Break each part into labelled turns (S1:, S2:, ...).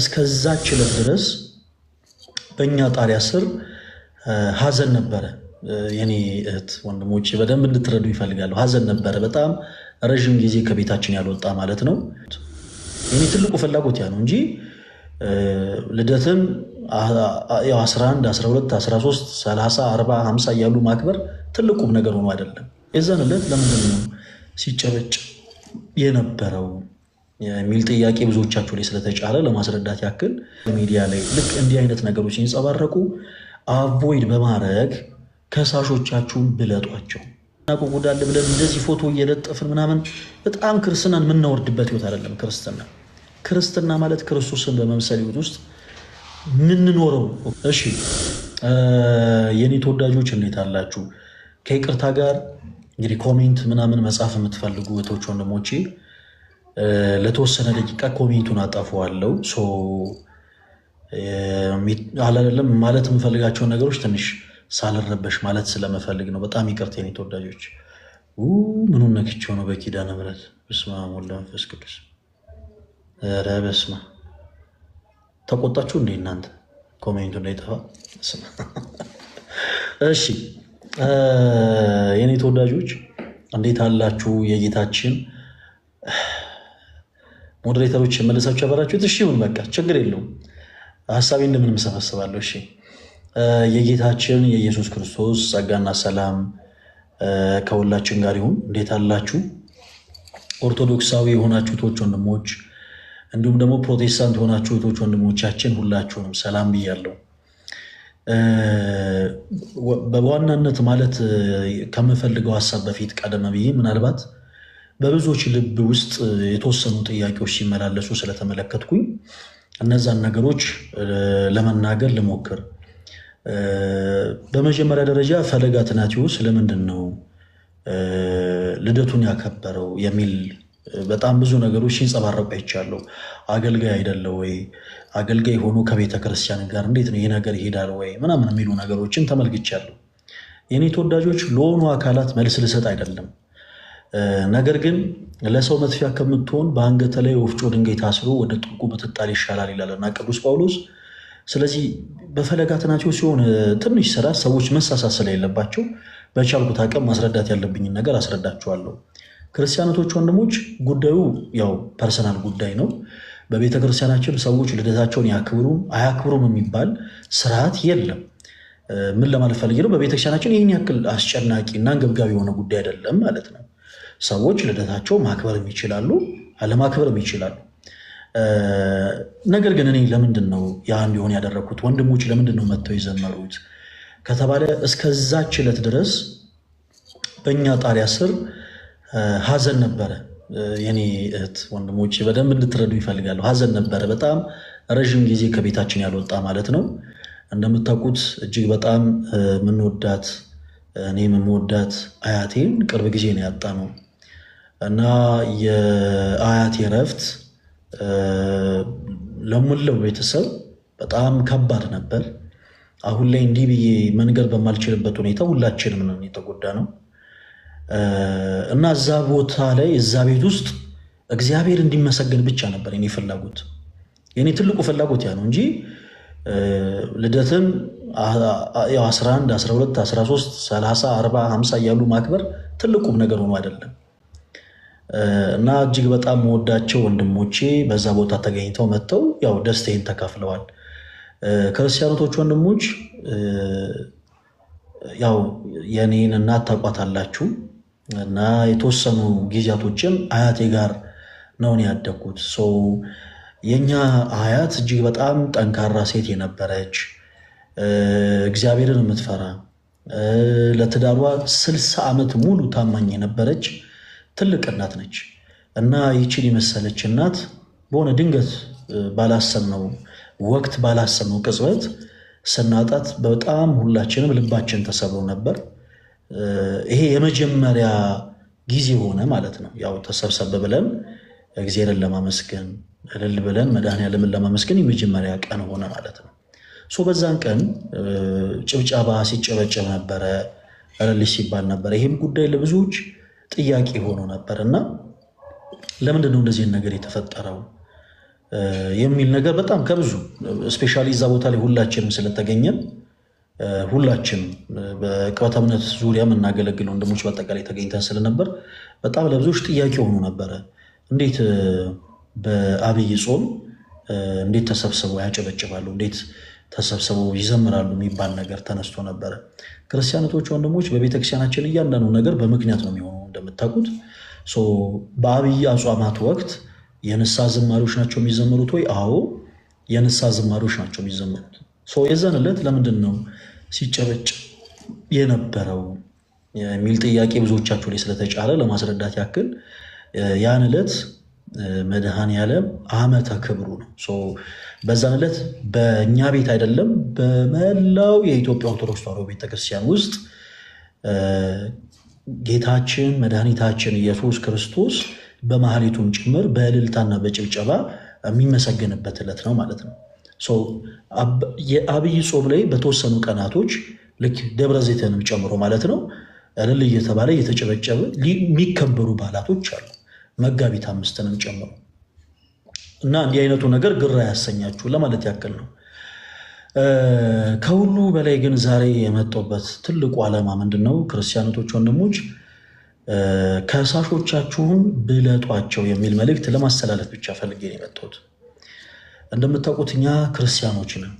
S1: እስከዛች ዕለት ድረስ በእኛ ጣሪያ ስር ሀዘን ነበረ። የኔ እህት ወንድሞቼ በደንብ እንድትረዱ ይፈልጋሉ። ሀዘን ነበረ። በጣም ረዥም ጊዜ ከቤታችን ያልወጣ ማለት ነው። የኔ ትልቁ ፍላጎት ያ ነው እንጂ ልደትም 11፣ 12፣ 13፣ 30፣ 40፣ 50 እያሉ ማክበር ትልቁም ነገር ሆኖ አይደለም። የዛን ዕለት ለምንድን ነው ሲጨበጭ የነበረው? የሚል ጥያቄ ብዙዎቻችሁ ላይ ስለተጫለ ለማስረዳት ያክል ሚዲያ ላይ ልክ እንዲህ አይነት ነገሮች ሲንጸባረቁ አቮይድ በማድረግ ከሳሾቻችሁን ብለጧቸው። ናቁቁዳል ብለን እንደዚህ ፎቶ እየለጠፍን ምናምን በጣም ክርስትናን የምናወርድበት ህይወት አይደለም። ክርስትና ክርስትና ማለት ክርስቶስን በመምሰል ህይወት ውስጥ ምንኖረው። እሺ የኔ ተወዳጆች እንዴት አላችሁ? ከይቅርታ ጋር እንግዲህ ኮሜንት ምናምን መጽሐፍ የምትፈልጉ እህቶች ወንድሞቼ ለተወሰነ ደቂቃ ኮሜንቱን አጠፋዋለሁ። አላለም ማለት የምፈልጋቸውን ነገሮች ትንሽ ሳልረበሽ ማለት ስለመፈልግ ነው። በጣም ይቅርታ የኔ ተወዳጆች። ምኑ ነክቸው ነው? በኪዳነ ምሕረት በስመ አብ ወወልድ ወመንፈስ ቅዱስ። ኧረ በስመ አብ ተቆጣችሁ እንዴ እናንተ? ኮሜንቱ እንዳይጠፋ። እሺ የኔ ተወዳጆች እንዴት አላችሁ? የጌታችን ሞዴሬተሮች የመለሳችሁ ያበራችሁት እሺ ይሁን፣ በቃ ችግር የለውም። ሀሳቤ እንደምንም ሰበስባለሁ። እሺ የጌታችን የኢየሱስ ክርስቶስ ጸጋና ሰላም ከሁላችን ጋር ይሁን። እንዴት አላችሁ? ኦርቶዶክሳዊ የሆናችሁ እህቶች ወንድሞች፣ እንዲሁም ደግሞ ፕሮቴስታንት የሆናችሁ ወንድሞቻችን ሁላችሁንም ሰላም ብያለሁ። በዋናነት ማለት ከምፈልገው ሀሳብ በፊት ቀደም ብዬ ምናልባት በብዙዎች ልብ ውስጥ የተወሰኑ ጥያቄዎች ሲመላለሱ ስለተመለከትኩኝ እነዛን ነገሮች ለመናገር ልሞክር። በመጀመሪያ ደረጃ ፈለገ አትናቴዎስ ለምንድን ነው ልደቱን ያከበረው የሚል በጣም ብዙ ነገሮች ሲንጸባረቁ አይቻለሁ። አገልጋይ አይደለ ወይ? አገልጋይ ሆኖ ከቤተ ክርስቲያን ጋር እንዴት ነው ይህ ነገር ይሄዳል ወይ ምናምን የሚሉ ነገሮችን ተመልክቻለሁ። የኔ ተወዳጆች ለሆኑ አካላት መልስ ልሰጥ አይደለም ነገር ግን ለሰው መጥፊያ ከምትሆን በአንገተ ላይ ወፍጮ ድንጋይ ታስሮ ወደ ጥልቁ ብትጣል ይሻላል እና ቅዱስ ጳውሎስ። ስለዚህ በፈለገ አትናቴዎስ ሲሆን ትንሽ ስራ ሰዎች መሳሳት ስለሌለባቸው በቻልኩት አቅም ማስረዳት ያለብኝን ነገር አስረዳችኋለሁ። ክርስቲያኖቶች ወንድሞች፣ ጉዳዩ ያው ፐርሰናል ጉዳይ ነው። በቤተ ክርስቲያናችን ሰዎች ልደታቸውን ያክብሩ አያክብሩም የሚባል ስርዓት የለም። ምን ለማለት ፈልጌ ነው? በቤተክርስቲያናችን ይህን ያክል አስጨናቂ እና አንገብጋቢ የሆነ ጉዳይ አይደለም ማለት ነው። ሰዎች ልደታቸው ማክበርም ይችላሉ፣ አለማክበርም ይችላሉ። ነገር ግን እኔ ለምንድን ነው ያ እንዲሆን ያደረግኩት? ወንድሞች ለምንድን ነው መጥተው የዘመሩት ከተባለ እስከዛች ዕለት ድረስ በእኛ ጣሪያ ስር ሀዘን ነበረ። የኔ እህት ወንድሞች በደንብ እንድትረዱ ይፈልጋሉ። ሀዘን ነበረ። በጣም ረዥም ጊዜ ከቤታችን ያልወጣ ማለት ነው። እንደምታውቁት እጅግ በጣም የምንወዳት እኔ የምወዳት አያቴን ቅርብ ጊዜ ነው ያጣ ነው። እና የአያት እረፍት ለሙለው ቤተሰብ በጣም ከባድ ነበር። አሁን ላይ እንዲህ ብዬ መንገድ በማልችልበት ሁኔታ ሁላችንም ነው የተጎዳ ነው እና እዛ ቦታ ላይ እዛ ቤት ውስጥ እግዚአብሔር እንዲመሰገን ብቻ ነበር የኔ ፍላጎት። የኔ ትልቁ ፍላጎት ያ ነው እንጂ ልደትን 11፣ 12፣ 13፣ 30፣ 40፣ 50 እያሉ ማክበር ትልቁም ነገር ሆኖ አይደለም። እና እጅግ በጣም መወዳቸው ወንድሞቼ በዛ ቦታ ተገኝተው መጥተው ያው ደስታዬን ተካፍለዋል። ክርስቲያኖቶች ወንድሞች ያው የኔን እናት ታውቋታላችሁ እና የተወሰኑ ጊዜያቶችን አያቴ ጋር ነውን ያደግኩት ሰው የእኛ አያት እጅግ በጣም ጠንካራ ሴት የነበረች እግዚአብሔርን የምትፈራ ለትዳሯ ስልሳ ዓመት ሙሉ ታማኝ የነበረች ትልቅ እናት ነች እና ይችን የመሰለች እናት በሆነ ድንገት ባላሰብነው ወቅት ባላሰብነው ቅጽበት ስናጣት በጣም ሁላችንም ልባችን ተሰብሮ ነበር። ይሄ የመጀመሪያ ጊዜ ሆነ ማለት ነው። ያው ተሰብሰብ ብለን እግዚአብሔርን ለማመስገን እልል ብለን መድኃኔዓለምን ለማመስገን የመጀመሪያ ቀን ሆነ ማለት ነው። በዛን ቀን ጭብጨባ ሲጨበጨብ ነበረ፣ እልል ሲባል ነበረ። ይህም ጉዳይ ለብዙዎች ጥያቄ ሆኖ ነበር እና ለምንድነው እንደዚህ ነገር የተፈጠረው የሚል ነገር በጣም ከብዙ ስፔሻሊ እዛ ቦታ ላይ ሁላችንም ስለተገኘን ሁላችን በቅባት እምነት ዙሪያ የምናገለግል ወንድሞች በአጠቃላይ ተገኝተን ስለነበር በጣም ለብዙዎች ጥያቄ ሆኖ ነበረ። እንዴት በአብይ ጾም እንዴት ተሰብስበው ያጨበጭባሉ፣ እንዴት ተሰብስበው ይዘምራሉ የሚባል ነገር ተነስቶ ነበረ። ክርስቲያኖቶች ወንድሞች፣ በቤተክርስቲያናችን እያንዳንዱ ነገር በምክንያት ነው የሚሆኑ እንደምታውቁት በአብይ አጽዋማት ወቅት የንሳ ዝማሪዎች ናቸው የሚዘምሩት ወይ? አዎ የንሳ ዝማሪዎች ናቸው የሚዘምሩት። የዛን ዕለት ለምንድን ነው ሲጨበጭ የነበረው የሚል ጥያቄ ብዙዎቻችሁ ላይ ስለተጫረ ለማስረዳት ያክል ያን ዕለት መድኃኔዓለም ዓመተ ክብሩ ነው። በዛን ዕለት በእኛ ቤት አይደለም በመላው የኢትዮጵያ ኦርቶዶክስ ተዋሕዶ ቤተክርስቲያን ውስጥ ጌታችን መድኃኒታችን ኢየሱስ ክርስቶስ በማህሌቱም ጭምር በእልልታና በጭብጨባ የሚመሰገንበት ዕለት ነው ማለት ነው። የአብይ ጾም ላይ በተወሰኑ ቀናቶች ልክ ደብረ ዘይትንም ጨምሮ ማለት ነው እልል እየተባለ እየተጨበጨበ የሚከበሩ በዓላቶች አሉ፣ መጋቢት አምስትንም ጨምሮ እና እንዲህ አይነቱ ነገር ግራ ያሰኛችሁ ለማለት ያክል ነው። ከሁሉ በላይ ግን ዛሬ የመጣሁበት ትልቁ ዓላማ ምንድን ነው? ክርስቲያኖቶች፣ ወንድሞች ከሳሾቻችሁን ብለጧቸው የሚል መልእክት ለማስተላለፍ ብቻ ፈልጌ ነው የመጣሁት። እንደምታውቁት እኛ ክርስቲያኖች ነን።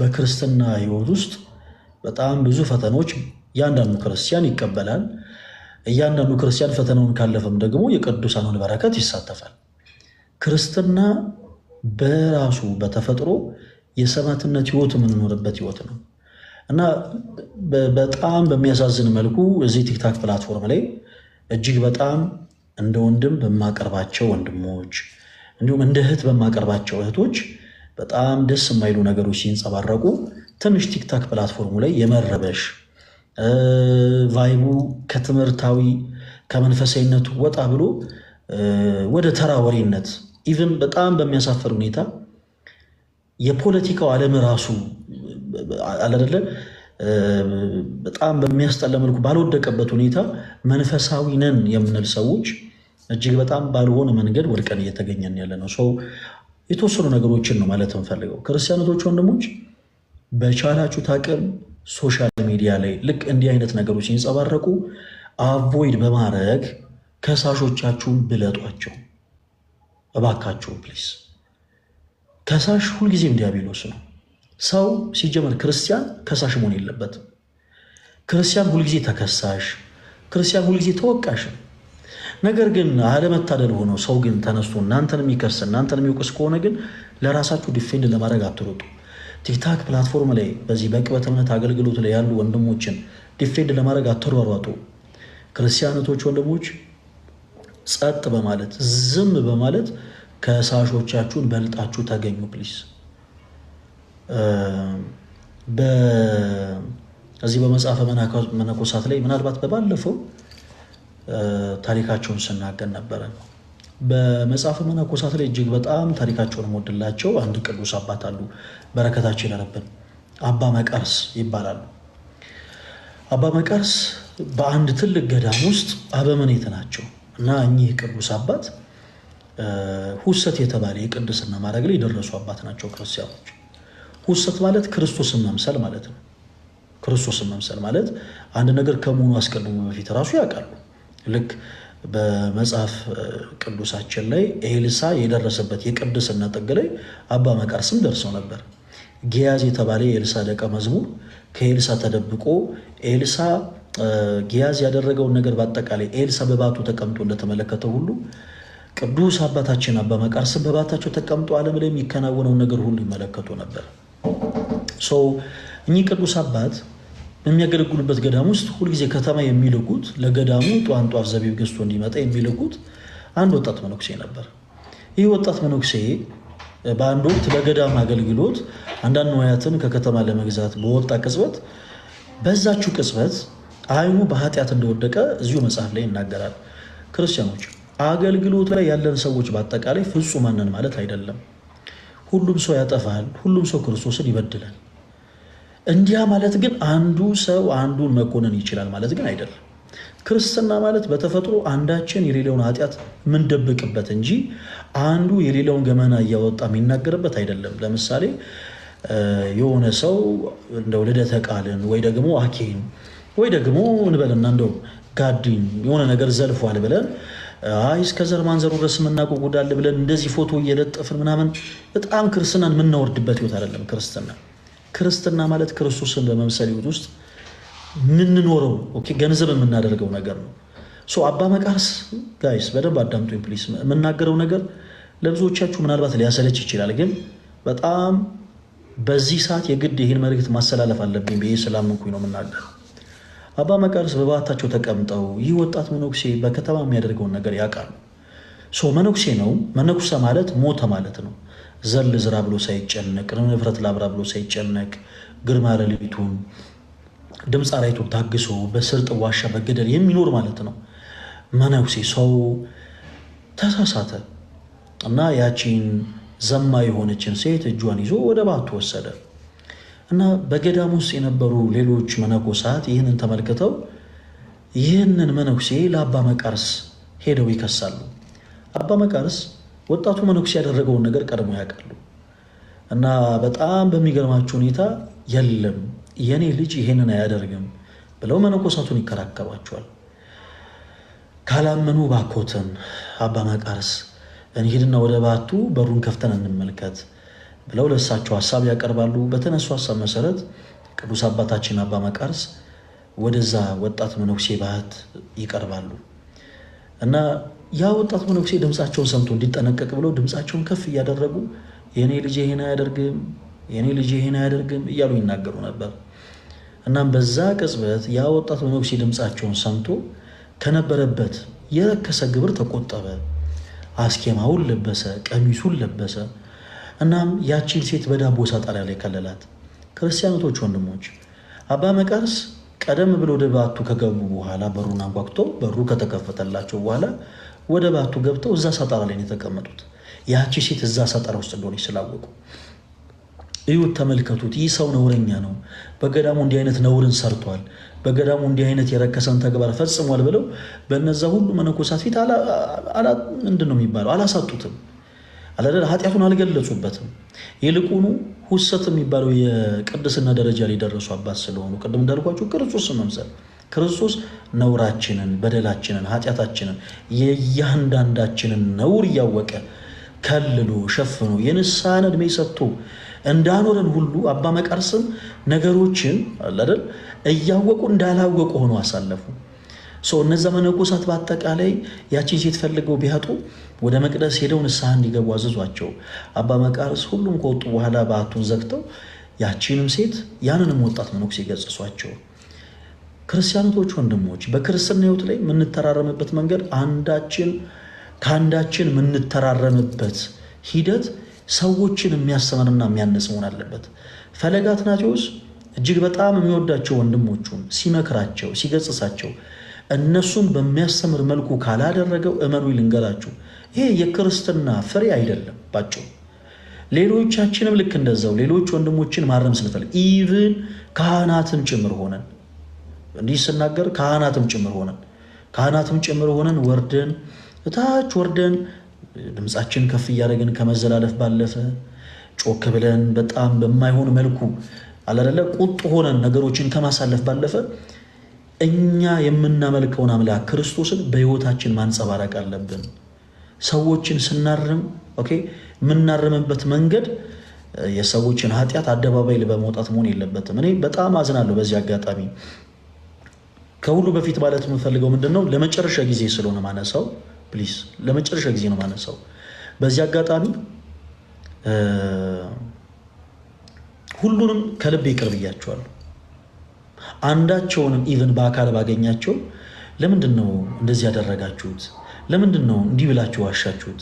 S1: በክርስትና ህይወት ውስጥ በጣም ብዙ ፈተናዎች እያንዳንዱ ክርስቲያን ይቀበላል። እያንዳንዱ ክርስቲያን ፈተናውን ካለፈም ደግሞ የቅዱሳኑን በረከት ይሳተፋል። ክርስትና በራሱ በተፈጥሮ የሰማዕትነት ህይወት የምንኖርበት ህይወት ነው እና በጣም በሚያሳዝን መልኩ እዚህ ቲክታክ ፕላትፎርም ላይ እጅግ በጣም እንደ ወንድም በማቀርባቸው ወንድሞች እንዲሁም እንደ እህት በማቀርባቸው እህቶች በጣም ደስ የማይሉ ነገሮች ሲንጸባረቁ ትንሽ ቲክታክ ፕላትፎርሙ ላይ የመረበሽ ቫይቡ ከትምህርታዊ ከመንፈሳዊነቱ ወጣ ብሎ ወደ ተራ ወሬነት ኢቨን በጣም በሚያሳፍር ሁኔታ የፖለቲካው ዓለም ራሱ አላደለ በጣም በሚያስጠላ መልኩ ባልወደቀበት ሁኔታ መንፈሳዊ ነን የምንል ሰዎች እጅግ በጣም ባልሆነ መንገድ ወድቀን እየተገኘን ያለ ነው። ሰው የተወሰኑ ነገሮችን ነው ማለት እንፈልገው። ክርስቲያኖቶች፣ ወንድሞች በቻላችሁት አቅም ሶሻል ሚዲያ ላይ ልክ እንዲህ አይነት ነገሮች ሲንጸባረቁ አቮይድ በማድረግ ከሳሾቻችሁን ብለጧቸው። እባካችሁ ፕሊስ። ከሳሽ ሁልጊዜም ዲያብሎስ ነው። ሰው ሲጀመር ክርስቲያን ከሳሽ መሆን የለበትም። ክርስቲያን ሁልጊዜ ተከሳሽ፣ ክርስቲያን ሁልጊዜ ተወቃሽ ነገር ግን አለመታደል ሆነው ሰው ግን ተነስቶ እናንተን የሚከስ እናንተን የሚውቅስ ከሆነ ግን ለራሳችሁ ዲፌንድ ለማድረግ አትሮጡ። ቲክታክ ፕላትፎርም ላይ በዚህ በቅበት እምነት አገልግሎት ላይ ያሉ ወንድሞችን ዲፌንድ ለማድረግ አትሯሯጡ። ክርስቲያኖቶች ወንድሞች ጸጥ በማለት ዝም በማለት ከሳሾቻችሁን በልጣችሁ ተገኙ ፕሊስ። እዚህ በመጽሐፈ መነኮሳት ላይ ምናልባት በባለፈው ታሪካቸውን ስናገን ነበረ። በመጽሐፈ መነኮሳት ላይ እጅግ በጣም ታሪካቸውን የምወድላቸው አንድ ቅዱስ አባት አሉ። በረከታቸው ይደርብን። አባ መቀርስ ይባላሉ። አባ መቀርስ በአንድ ትልቅ ገዳም ውስጥ አበምኔት ናቸው። እና እኚህ ቅዱስ አባት ሁሰት የተባለ የቅድስና ማድረግ ላይ የደረሱ አባት ናቸው ክርስቲያኖች። ሁሰት ማለት ክርስቶስን መምሰል ማለት ነው። ክርስቶስን መምሰል ማለት አንድ ነገር ከመሆኑ አስቀድሞ በፊት እራሱ ያውቃሉ። ልክ በመጽሐፍ ቅዱሳችን ላይ ኤልሳ የደረሰበት የቅድስና ጥግ ላይ አባ መቃርስም ደርሰው ነበር። ጊያዝ የተባለ የኤልሳ ደቀ መዝሙር ከኤልሳ ተደብቆ ኤልሳ ጊያዝ ያደረገውን ነገር በአጠቃላይ ኤልሳ በባቱ ተቀምጦ እንደተመለከተው ሁሉ ቅዱስ አባታችን አባ መቃርስም በባታቸው ተቀምጦ ዓለም ላይ የሚከናወነውን ነገር ሁሉ ይመለከቱ ነበር። ሰው እኚህ ቅዱስ አባት በሚያገለግሉበት ገዳም ውስጥ ሁልጊዜ ከተማ የሚልኩት ለገዳሙ ጧን ጧፍ ዘቢብ ገዝቶ እንዲመጣ የሚልኩት አንድ ወጣት መነኩሴ ነበር። ይህ ወጣት መነኩሴ በአንድ ወቅት ለገዳም አገልግሎት አንዳንድ ንዋያትን ከከተማ ለመግዛት በወጣ ቅጽበት በዛችው ቅጽበት አይኑ በኃጢአት እንደወደቀ እዚሁ መጽሐፍ ላይ ይናገራል። ክርስቲያኖች አገልግሎት ላይ ያለን ሰዎች በአጠቃላይ ፍጹማንን ማለት አይደለም። ሁሉም ሰው ያጠፋል፣ ሁሉም ሰው ክርስቶስን ይበድላል። እንዲያ ማለት ግን አንዱ ሰው አንዱን መኮንን ይችላል ማለት ግን አይደለም። ክርስትና ማለት በተፈጥሮ አንዳችን የሌላውን ኃጢአት የምንደብቅበት እንጂ አንዱ የሌላውን ገመና እያወጣ የሚናገርበት አይደለም። ለምሳሌ የሆነ ሰው እንደው ልደተ ቃልን ወይ ደግሞ አኬን ወይ ደግሞ እንበልና እንደው ጋዲም የሆነ ነገር ዘልፏል ብለን አይ እስከ ዘር ማንዘሩ ድረስ የምናውቀው ጉዳለ ብለን እንደዚህ ፎቶ እየለጠፍን ምናምን በጣም ክርስትናን የምናወርድበት ህይወት አይደለም። ክርስትና ክርስትና ማለት ክርስቶስን በመምሰል ህይወት ውስጥ የምንኖረው ገንዘብ የምናደርገው ነገር ነው። አባ መቃርስ ጋይስ በደንብ አዳምጡ ፕሊስ። የምናገረው ነገር ለብዙዎቻችሁ ምናልባት ሊያሰለች ይችላል፣ ግን በጣም በዚህ ሰዓት የግድ ይህን መልእክት ማስተላለፍ አለብኝ ብዬ ስላመንኩኝ ነው የምናገረው። አባ መቃርስ በባታቸው ተቀምጠው ይህ ወጣት መነኩሴ በከተማ የሚያደርገውን ነገር ያውቃሉ። ሰው መነኩሴ ነው። መነኩሰ ማለት ሞተ ማለት ነው። ዘል ዝራ ብሎ ሳይጨነቅ፣ ንብረት ላብራ ብሎ ሳይጨነቅ ግርማ ሌሊቱን ድምፅ አራዊቱን ታግሶ በስርጥ ዋሻ በገደል የሚኖር ማለት ነው። መነኩሴ ሰው ተሳሳተ እና ያቺን ዘማ የሆነችን ሴት እጇን ይዞ ወደ ባቱ ወሰደ። እና በገዳም ውስጥ የነበሩ ሌሎች መነኮሳት ይህንን ተመልክተው ይህንን መነኩሴ ለአባ መቃርስ ሄደው ይከሳሉ። አባ መቃርስ ወጣቱ መነኩሴ ያደረገውን ነገር ቀድሞ ያውቃሉ እና በጣም በሚገርማቸው ሁኔታ የለም የኔ ልጅ ይህንን አያደርግም ብለው መነኮሳቱን ይከራከሯቸዋል። ካላመኑ ባኮትን አባ መቃርስ እንሂድና ወደ ባቱ በሩን ከፍተን እንመልከት ብለው ለእሳቸው ሀሳብ ያቀርባሉ። በተነሱ ሀሳብ መሰረት ቅዱስ አባታችን አባ መቃርስ ወደዛ ወጣት መነኩሴ ባህት ይቀርባሉ እና ያ ወጣት መነኩሴ ድምፃቸውን ሰምቶ እንዲጠነቀቅ ብለው ድምፃቸውን ከፍ እያደረጉ የእኔ ልጅ ይሄን አያደርግም፣ የእኔ ልጅ ይሄን አያደርግም እያሉ ይናገሩ ነበር። እናም በዛ ቅጽበት ያ ወጣት መነኩሴ ድምፃቸውን ሰምቶ ከነበረበት የረከሰ ግብር ተቆጠበ። አስኬማውን ለበሰ፣ ቀሚሱን ለበሰ። እናም ያቺን ሴት በዳቦ ሳጣሪያ ላይ ከለላት። ክርስቲያኖቶች ወንድሞች፣ አባ መቃርስ ቀደም ብሎ ወደ ባቱ ከገቡ በኋላ በሩን አንኳኩቶ በሩ ከተከፈተላቸው በኋላ ወደ ባቱ ገብተው እዛ ሳጣራ ላይ የተቀመጡት። ያቺ ሴት እዛ ሳጣራ ውስጥ እንደሆነች ስላወቁ እዩት፣ ተመልከቱት። ይህ ሰው ነውረኛ ነው፣ በገዳሙ እንዲህ አይነት ነውርን ሰርቷል፣ በገዳሙ እንዲህ አይነት የረከሰን ተግባር ፈጽሟል ብለው በነዛ ሁሉ መነኮሳት ፊት ምንድን ነው የሚባለው አላሳጡትም። አለደል ኃጢአቱን አልገለጹበትም። ይልቁኑ ሁሰት የሚባለው የቅድስና ደረጃ ላይ ደረሱ አባት ስለሆኑ ቅድም እንዳልኳቸው ክርስቶስ መምሰል ክርስቶስ ነውራችንን፣ በደላችንን፣ ኃጢአታችንን የእያንዳንዳችንን ነውር እያወቀ ከልሎ ሸፍኖ የንስሐን ዕድሜ ሰጥቶ እንዳኖረን ሁሉ አባ መቃርስም ነገሮችን አለደል እያወቁ እንዳላወቁ ሆኖ አሳለፉ። እነዛ መነኮሳት በአጠቃላይ ያቺን ሴት ፈልገው ቢያጡ ወደ መቅደስ ሄደው ንስሐ እንዲገቡ አዘዟቸው። አባ መቃርስ ሁሉም ከወጡ በኋላ በዓቱን ዘግተው ያቺንም ሴት ያንንም ወጣት መነኩሴ ገጽሷቸው። ክርስቲያኖቶች ወንድሞች፣ በክርስትና ሕይወት ላይ የምንተራረምበት መንገድ አንዳችን ከአንዳችን የምንተራረምበት ሂደት ሰዎችን የሚያስተምርና የሚያነጽ መሆን አለበት። ፈለገ አትናቴዎስ እጅግ በጣም የሚወዳቸው ወንድሞቹን ሲመክራቸው ሲገጽሳቸው እነሱን በሚያስተምር መልኩ ካላደረገው እመኑ ልንገራችሁ፣ ይሄ የክርስትና ፍሬ አይደለም። ባጭሩ ሌሎቻችንም ልክ እንደዛው ሌሎች ወንድሞችን ማረም ስንፈልግ ኢቭን ካህናትም ጭምር ሆነን እንዲህ ስናገር ካህናትም ጭምር ሆነን ካህናትም ጭምር ሆነን ወርደን እታች ወርደን ድምፃችን ከፍ እያደረግን ከመዘላለፍ ባለፈ ጮክ ብለን በጣም በማይሆን መልኩ አላደለ ቁጡ ሆነን ነገሮችን ከማሳለፍ ባለፈ እኛ የምናመልከውን አምላክ ክርስቶስን በሕይወታችን ማንጸባረቅ አለብን። ሰዎችን ስናርም ኦኬ የምናርምበት መንገድ የሰዎችን ኃጢአት አደባባይ በመውጣት መሆን የለበትም። እኔ በጣም አዝናለሁ በዚህ አጋጣሚ። ከሁሉ በፊት ማለት የምፈልገው ምንድን ነው፣ ለመጨረሻ ጊዜ ስለሆነ ማነሳው፣ ፕሊስ፣ ለመጨረሻ ጊዜ ነው ማነሳው። በዚህ አጋጣሚ ሁሉንም ከልብ ይቅር ብያቸዋለሁ። አንዳቸውንም ኢቨን በአካል ባገኛቸው ለምንድን ነው እንደዚህ ያደረጋችሁት? ለምንድን ነው እንዲህ ብላችሁ ዋሻችሁት?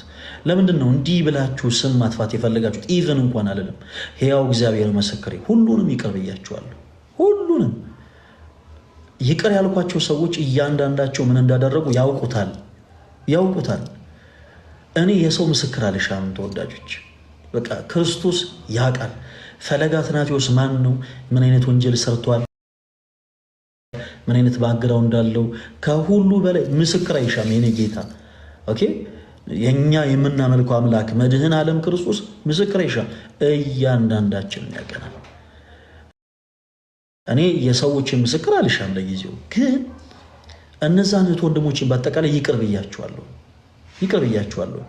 S1: ለምንድን ነው እንዲህ ብላችሁ ስም ማጥፋት የፈለጋችሁት? ኢቨን እንኳን አልልም። ሕያው እግዚአብሔር መሰክሬ ሁሉንም ይቅር ብያችኋለሁ። ሁሉንም ይቅር ያልኳቸው ሰዎች እያንዳንዳቸው ምን እንዳደረጉ ያውቁታል ያውቁታል። እኔ የሰው ምስክር አልሻም ተወዳጆች፣ በቃ ክርስቶስ ያውቃል። ፈለገ አትናቴዎስ ማን ነው? ምን አይነት ወንጀል ሰርቷል? ምን አይነት ባግራው እንዳለው ከሁሉ በላይ ምስክር አይሻም የኔ ጌታ። ኦኬ የእኛ የምናመልኩ አምላክ መድህን ዓለም ክርስቶስ ምስክር አይሻም። እያንዳንዳችን ያቀናል። እኔ የሰዎች ምስክር አልሻም ለጊዜው ግን እነዛን እህት ወንድሞችን በአጠቃላይ ይቅር ብያቸዋለሁ፣ ይቅር ብያቸዋለሁ።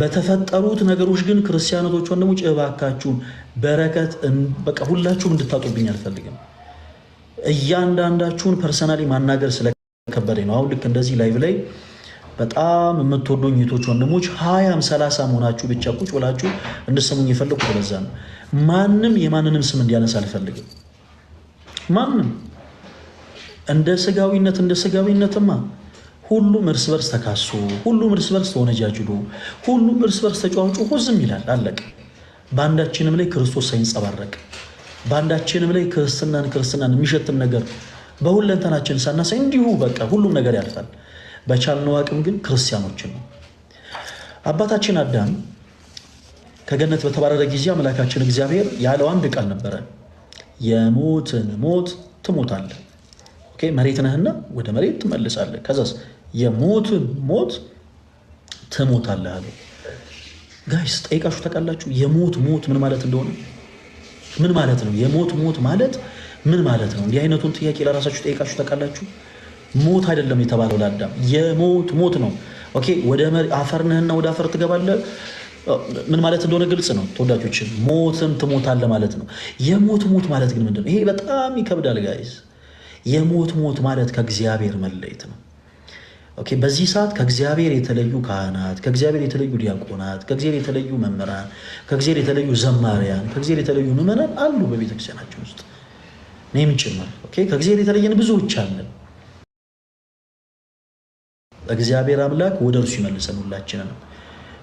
S1: በተፈጠሩት ነገሮች ግን ክርስቲያኖቶች፣ ወንድሞች እባካችሁን በረከት በቃ ሁላችሁም እንድታጡብኝ አልፈልግም። እያንዳንዳችሁን ፐርሰናሊ ማናገር ስለከበደ ነው። አሁን ልክ እንደዚህ ላይቭ ላይ በጣም የምትወዱኝ እህቶች ወንድሞች፣ ሀያም ሰላሳ መሆናችሁ ብቻ ቁጭ ብላችሁ እንድሰሙኝ የፈለግኩት ለዛ ነው። ማንም የማንንም ስም እንዲያነሳ አልፈልግም። ማንም እንደ ስጋዊነት እንደ ስጋዊነትማ ሁሉም እርስ በርስ ተካሱ፣ ሁሉም እርስ በርስ ተወነጃጅሉ፣ ሁሉም እርስ በርስ ተጫዋጩ ሁዝም ይላል። አለቅ በአንዳችንም ላይ ክርስቶስ ሳይንጸባረቅ በአንዳችንም ላይ ክርስትናን ክርስትናን የሚሸትም ነገር በሁለንተናችን ሳናሳይ እንዲሁ በቃ ሁሉም ነገር ያልፋል። በቻልነው አቅም ግን ክርስቲያኖችን ነው። አባታችን አዳም ከገነት በተባረረ ጊዜ አምላካችን እግዚአብሔር ያለው አንድ ቃል ነበረ። የሞትን ሞት ትሞታለህ። መሬት ነህና ወደ መሬት ትመልሳለህ። ከዛስ የሞትን ሞት ትሞታለህ አለ። ጋይስ ጠይቃችሁ ታውቃላችሁ? የሞት ሞት ምን ማለት እንደሆነ ምን ማለት ነው? የሞት ሞት ማለት ምን ማለት ነው? እንዲህ አይነቱን ጥያቄ ለራሳችሁ ጠይቃችሁ ታውቃላችሁ? ሞት አይደለም የተባለው ለአዳም የሞት ሞት ነው። ኦኬ ወደ አፈር ነህና ወደ አፈር ትገባለህ። ምን ማለት እንደሆነ ግልጽ ነው ተወዳጆች፣ ሞትም ትሞታለህ ማለት ነው። የሞት ሞት ማለት ግን ምንድን ነው? ይሄ በጣም ይከብዳል ጋይስ። የሞት ሞት ማለት ከእግዚአብሔር መለየት ነው። ኦኬ በዚህ ሰዓት ከእግዚአብሔር የተለዩ ካህናት፣ ከእግዚአብሔር የተለዩ ዲያቆናት፣ ከእግዚአብሔር የተለዩ መምህራን፣ ከእግዚአብሔር የተለዩ ዘማሪያን፣ ከእግዚአብሔር የተለዩ ምዕመናን አሉ በቤተክርስቲያናችን ውስጥ እኔም ጭምር። ኦኬ ከእግዚአብሔር የተለየን ብዙዎች አለን። እግዚአብሔር አምላክ ወደ እርሱ ይመልሰን ሁላችንን።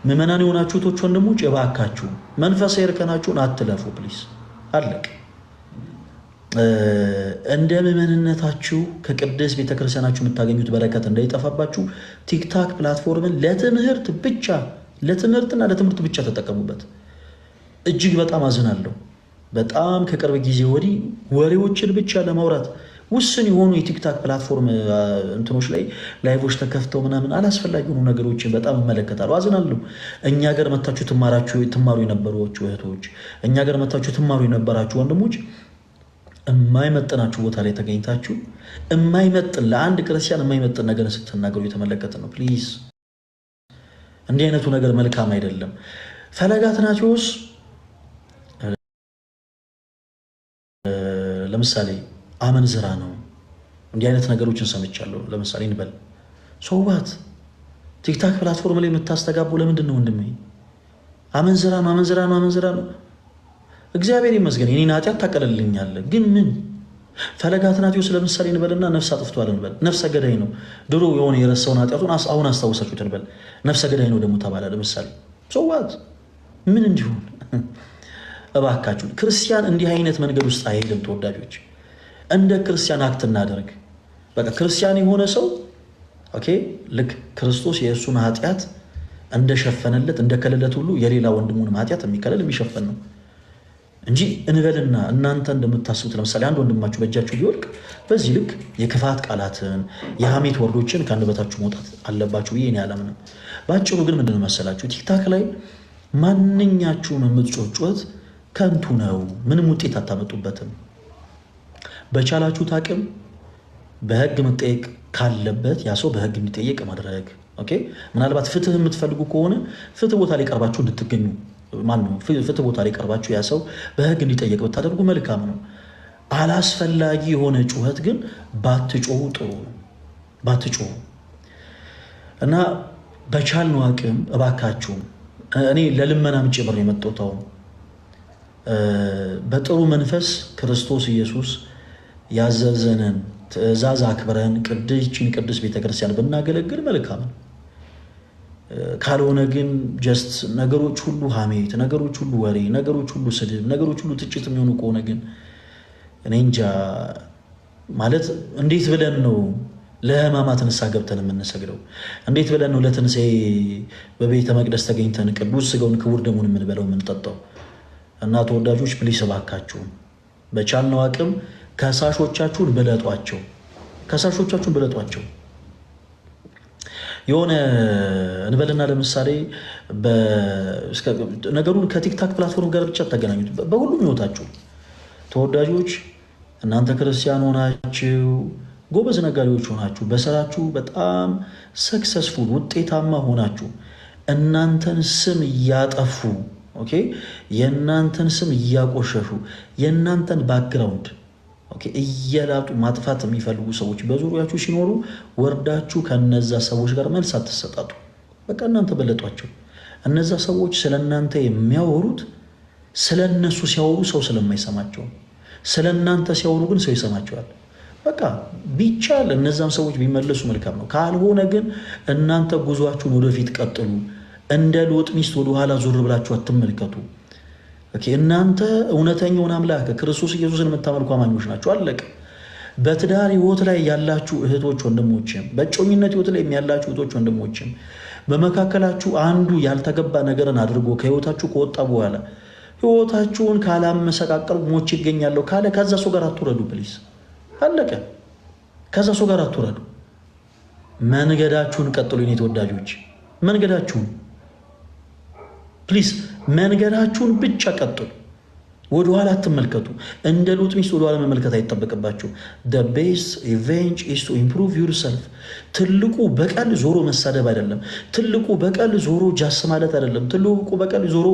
S1: ምዕመናን የሆናችሁ ቶች ወንድሞች፣ እባካችሁ መንፈሳዊ እርከናችሁን አትለፉ። ፕሊስ አለቅ እንደ ምዕመንነታችሁ ከቅድስ ቤተክርስቲያናችሁ የምታገኙት በረከት እንዳይጠፋባችሁ ቲክታክ ፕላትፎርምን ለትምህርት ብቻ ለትምህርትና ለትምህርት ብቻ ተጠቀሙበት። እጅግ በጣም አዝናለሁ። በጣም ከቅርብ ጊዜ ወዲህ ወሬዎችን ብቻ ለማውራት ውስን የሆኑ የቲክታክ ፕላትፎርም እንትኖች ላይ ላይቮች ተከፍተው ምናምን አላስፈላጊ የሆኑ ነገሮችን በጣም ይመለከታሉ አዝናለሁ። እኛ ገር መታችሁ ትማሩ የነበሩ እህቶች፣ እኛ ገር መታችሁ ትማሩ የነበራችሁ ወንድሞች የማይመጥናችሁ ቦታ ላይ ተገኝታችሁ የማይመጥን ለአንድ ክርስቲያን የማይመጥን ነገር ስትናገሩ የተመለከት ነው። ፕሊዝ እንዲህ አይነቱ ነገር መልካም አይደለም። ፈለገ አትናቴዎስ ለምሳሌ አመንዝራ ነው። እንዲህ አይነት ነገሮችን ሰምቻለሁ። ለምሳሌ እንበል ሰውባት ቲክታክ ፕላትፎርም ላይ የምታስተጋቡ ለምንድን ነው ወንድሜ? አመንዝራ ነው፣ አመንዝራ ነው፣ አመንዝራ ነው እግዚአብሔር ይመስገን የኔን ኃጢአት ታቀልልኛለህ። ግን ምን ፈለገ አትናቴዎስ ለምሳሌ እንበልና ነፍስ አጥፍቷል እንበል፣ ነፍሰ ገዳይ ነው። ድሮ የሆነ የረሳውን ኃጢአቱን አሁን አስታወሳችሁት እንበል፣ ነፍሰ ገዳይ ነው ደግሞ ተባለ። ለምሳሌ ሰዋት ምን እንዲሆን እባካችሁ። ክርስቲያን እንዲህ አይነት መንገድ ውስጥ አይሄድም። ተወዳጆች እንደ ክርስቲያን አክት እናደርግ። በቃ ክርስቲያን የሆነ ሰው ኦኬ፣ ልክ ክርስቶስ የእሱን ኃጢአት እንደሸፈነለት እንደከለለት ሁሉ የሌላ ወንድሙን ኃጢአት የሚከለል የሚሸፈን ነው። እንጂ እንበልና እናንተ እንደምታስቡት ለምሳሌ አንድ ወንድማችሁ በእጃችሁ ቢወድቅ በዚህ ልክ የክፋት ቃላትን የሀሜት ወርዶችን ከአንደበታችሁ መውጣት አለባችሁ ብዬ እኔ አላምንም። በአጭሩ ግን ምንድን መሰላችሁ ቲክታክ ላይ ማንኛችሁም የምትጮጩት ከንቱ ነው፣ ምንም ውጤት አታመጡበትም። በቻላችሁት አቅም በህግ መጠየቅ ካለበት ያ ሰው በህግ እንዲጠየቅ ማድረግ ኦኬ። ምናልባት ፍትህ የምትፈልጉ ከሆነ ፍትህ ቦታ ላይ ቀርባችሁ እንድትገኙ ማነው ፍትህ ቦታ ላይ ቀርባችሁ ያ ሰው በህግ እንዲጠየቅ ብታደርጉ መልካም ነው። አላስፈላጊ የሆነ ጩኸት ግን ባትጮሁ ጥሩ ነው። ባትጮሁ እና በቻልነው አቅም እባካችሁ፣ እኔ ለልመናም ጭምር የመጣሁት በጥሩ መንፈስ ክርስቶስ ኢየሱስ ያዘዘንን ትእዛዝ አክብረን ቅድችን ቅድስት ቤተክርስቲያን ብናገለግል መልካም ነው። ካልሆነ ግን ጀስት ነገሮች ሁሉ ሀሜት፣ ነገሮች ሁሉ ወሬ፣ ነገሮች ሁሉ ስድብ፣ ነገሮች ሁሉ ትችት የሚሆኑ ከሆነ ግን እኔ እንጃ ማለት እንዴት ብለን ነው ለህማማ ትንሳ ገብተን የምንሰግደው? እንዴት ብለን ነው ለትንሣኤ በቤተ መቅደስ ተገኝተን ቅዱስ ስጋውን ክቡር ደሙን የምንበለው የምንጠጣው? እና ተወዳጆች ፕሊስ እባካችሁም በቻልነው አቅም ከሳሾቻችሁን ብለጧቸው፣ ከሳሾቻችሁን ብለጧቸው። የሆነ እንበልና ለምሳሌ ነገሩን ከቲክታክ ፕላትፎርም ጋር ብቻ ታገናኙት። በሁሉም ህይወታችሁ ተወዳጆች፣ እናንተ ክርስቲያን ሆናችሁ ጎበዝ ነጋዴዎች ሆናችሁ በስራችሁ በጣም ሰክሰስፉል ውጤታማ ሆናችሁ እናንተን ስም እያጠፉ ኦኬ፣ የእናንተን ስም እያቆሸሹ የእናንተን ባክግራውንድ እየላጡ ማጥፋት የሚፈልጉ ሰዎች በዙሪያችሁ ሲኖሩ ወርዳችሁ ከነዛ ሰዎች ጋር መልስ አትሰጣጡ። በቃ እናንተ በለጧቸው። እነዛ ሰዎች ስለ እናንተ የሚያወሩት ስለ እነሱ ሲያወሩ ሰው ስለማይሰማቸው፣ ስለ እናንተ ሲያወሩ ግን ሰው ይሰማቸዋል። በቃ ቢቻል እነዛም ሰዎች ቢመለሱ መልካም ነው። ካልሆነ ግን እናንተ ጉዟችሁን ወደፊት ቀጥሉ። እንደ ሎጥ ሚስት ወደኋላ ዞር ብላችሁ አትመልከቱ። እናንተ እውነተኛውን አምላክ ክርስቶስ ኢየሱስን የምታመልኩ አማኞች ናቸው። አለቀ። በትዳር ህይወት ላይ ያላችሁ እህቶች ወንድሞችም፣ በጮኝነት ህይወት ላይ ያላችሁ እህቶች ወንድሞችም በመካከላችሁ አንዱ ያልተገባ ነገርን አድርጎ ከህይወታችሁ ከወጣ በኋላ ህይወታችሁን ካላመሰቃቀል ሞች ይገኛለሁ ካለ ከዛ ሰው ጋር አትውረዱ። ፕሊስ አለቀ። ከዛ ሰው ጋር አትውረዱ። መንገዳችሁን ቀጥሉ። የኔ ተወዳጆች መንገዳችሁን ፕሊስ መንገዳችሁን ብቻ ቀጥሉ። ወደ ኋላ አትመልከቱ። እንደ ሉጥ ሚስት ወደኋላ መመልከት አይጠበቅባችሁ። ደ ሪቬንጅ ኢዝ ቱ ኢምፕሩቭ ዩርሰልፍ። ትልቁ በቀል ዞሮ መሳደብ አይደለም። ትልቁ በቀል ዞሮ ጃስ ማለት አይደለም። ትልቁ በቀል ዞሮ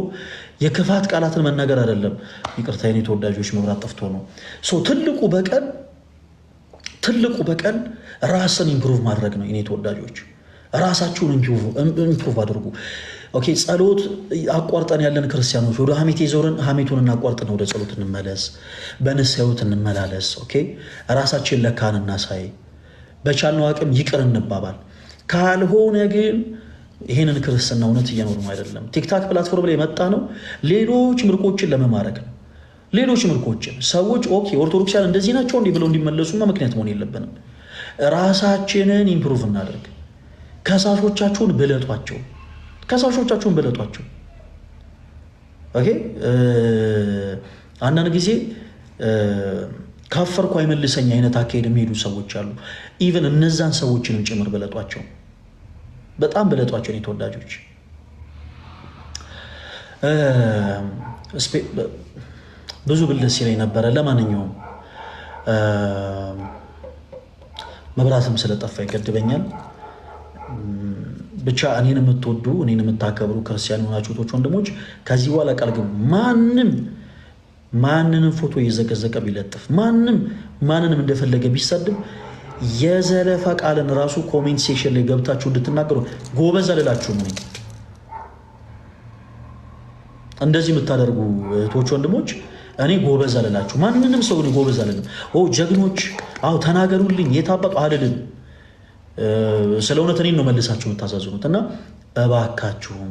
S1: የክፋት ቃላትን መናገር አይደለም። ይቅርታ የኔ ተወዳጆች መብራት ጠፍቶ ነው። ትልቁ በቀል ትልቁ በቀል ራስን ኢምፕሩቭ ማድረግ ነው። የኔ ተወዳጆች ራሳችሁን ኢምፕሩቭ አድርጉ። ኦኬ ጸሎት አቋርጠን ያለን ክርስቲያኖች ወደ ሀሜት የዞርን ሀሜቱን እናቋርጥን፣ ወደ ጸሎት እንመለስ፣ በንስሐ እንመላለስ። ኦኬ ራሳችን ለካን እናሳይ፣ በቻልነው አቅም ይቅር እንባባል። ካልሆነ ግን ይህንን ክርስትና እውነት እየኖርም አይደለም። ቲክታክ ፕላትፎርም ላይ የመጣ ነው ሌሎች ምርኮችን ለመማረክ ነው። ሌሎች ምርኮችን ሰዎች ኦኬ ኦርቶዶክሳን እንደዚህ ናቸው እንዲህ ብለው እንዲመለሱና ምክንያት መሆን የለብንም። ራሳችንን ኢምፕሩቭ እናደርግ። ከሳሾቻችሁን ብለጧቸው። ከሳሾቻችሁን በለጧቸው። ኦኬ አንዳንድ ጊዜ ካፈርኩ አይመልሰኝ አይነት አካሄድ የሚሄዱ ሰዎች አሉ። ኢቨን እነዛን ሰዎችንም ጭምር በለጧቸው፣ በጣም በለጧቸው። እኔ ተወዳጆች ብዙ ብል ደስ ይለኝ ነበረ። ለማንኛውም መብራትም ስለጠፋ ይገድበኛል። ብቻ እኔን የምትወዱ እኔን የምታከብሩ ክርስቲያን የሆናችሁ ቶች ወንድሞች፣ ከዚህ በኋላ ቃል ግቡ። ማንም ማንንም ፎቶ እየዘቀዘቀ ቢለጥፍ፣ ማንም ማንንም እንደፈለገ ቢሳድብ የዘለፋ ቃልን ራሱ ኮሜንት ሴክሽን ላይ ገብታችሁ እንድትናገሩ ጎበዝ አልላችሁም። እንደዚህ የምታደርጉ እህቶች ወንድሞች እኔ ጎበዝ አልላችሁ። ማንንም ሰው ጎበዝ አልልም። ጀግኖች አው ተናገሩልኝ የታባጡ አልልም። ስለ እውነት እኔን ነው መልሳችሁ የምታሳዝኑት። እና እባካችሁም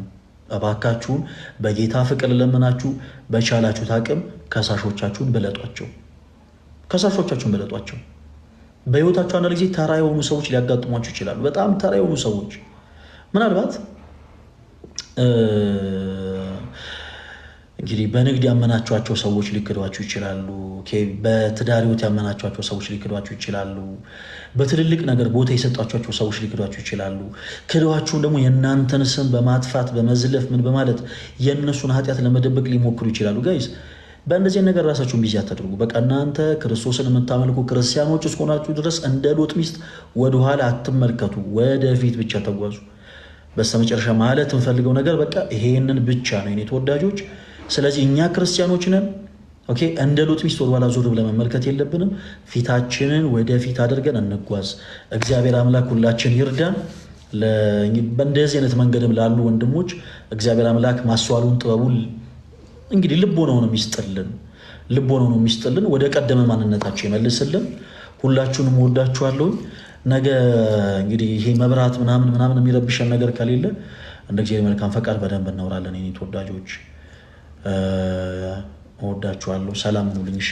S1: እባካችሁን በጌታ ፍቅር ለምናችሁ በቻላችሁት አቅም ከሳሾቻችሁን ብለጧቸው፣ ከሳሾቻችሁን ብለጧቸው። በሕይወታችሁ አንዳንድ ጊዜ ተራ የሆኑ ሰዎች ሊያጋጥሟችሁ ይችላሉ። በጣም ተራ የሆኑ ሰዎች ምናልባት እንግዲህ በንግድ ያመናችኋቸው ሰዎች ሊክዷችሁ ይችላሉ። በትዳሪዎት ያመናችኋቸው ሰዎች ሊክዷችሁ ይችላሉ። በትልልቅ ነገር ቦታ የሰጧቸው ሰዎች ሊክዷችሁ ይችላሉ። ክዷችሁ ደግሞ የእናንተን ስም በማጥፋት በመዝለፍ ምን በማለት የእነሱን ኃጢአት ለመደበቅ ሊሞክሩ ይችላሉ። ጋይስ በእንደዚህ ነገር ራሳችሁን ቢዚ አታድርጉ። በቃ እናንተ ክርስቶስን የምታመልኩ ክርስቲያኖች እስከሆናችሁ ድረስ እንደ ሎጥ ሚስት ወደኋላ አትመልከቱ፣ ወደፊት ብቻ ተጓዙ። በስተመጨረሻ ማለት የምፈልገው ነገር በቃ ይሄንን ብቻ ነው የኔ ተወዳጆች። ስለዚህ እኛ ክርስቲያኖች ነን። ኦኬ እንደ ሎጥ ሚስት ወደኋላ ዞር ብለን መመልከት የለብንም። ፊታችንን ወደፊት አድርገን እንጓዝ። እግዚአብሔር አምላክ ሁላችን ይርዳን። በእንደዚህ አይነት መንገድም ላሉ ወንድሞች እግዚአብሔር አምላክ ማስተዋሉን ጥበቡን እንግዲህ ልቦናውን የሚስጥልን ልቦናውን የሚስጥልን ወደ ቀደመ ማንነታቸው ይመልስልን። ሁላችሁንም ወዳችኋለሁኝ። ነገ እንግዲህ ይሄ መብራት ምናምን ምናምን የሚረብሸን ነገር ከሌለ እንደ እግዚአብሔር መልካም ፈቃድ በደንብ እናወራለን የኔ ተወዳጆች። እወዳችኋለሁ። ሰላም ኑልኝ። እሺ